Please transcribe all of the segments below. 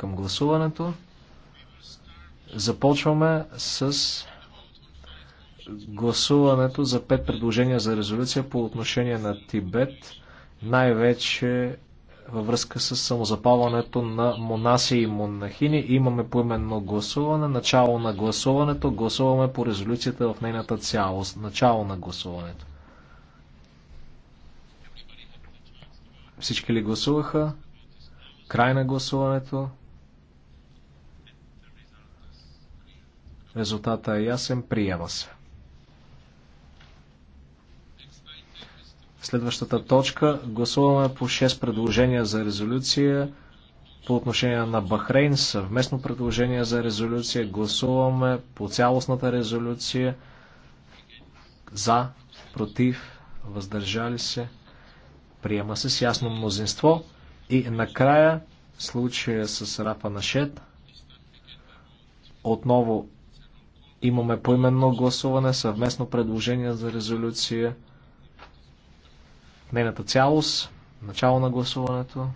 към гласуването. Започваме с гласуването за пет предложения за резолюция по отношение на Тибет, най-вече във връзка с самозапалването на монаси и монахини. Имаме поименно гласуване, начало на гласуването, гласуваме по резолюцията в нейната цялост, начало на гласуването. Всички ли гласуваха? Край на гласуването. Резултата е ясен, приема се. Следващата точка. Гласуваме по 6 предложения за резолюция по отношение на Бахрейн. Съвместно предложение за резолюция. Гласуваме по цялостната резолюция. За, против, въздържали се. Приема се с ясно мнозинство. И накрая случая с Рафа Нашет. Отново Имаме поименно гласуване, съвместно предложение за резолюция. Нейната цялост, начало на гласуването,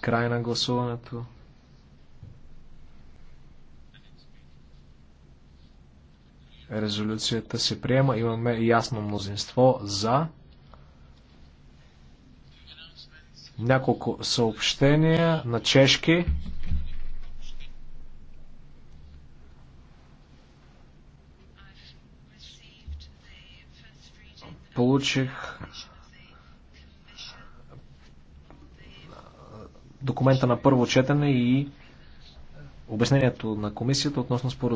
край на гласуването. Резолюцията се приема. Имаме ясно мнозинство за. Няколко съобщения на чешки. получих документа на първо четене и обяснението на комисията относно споразумението.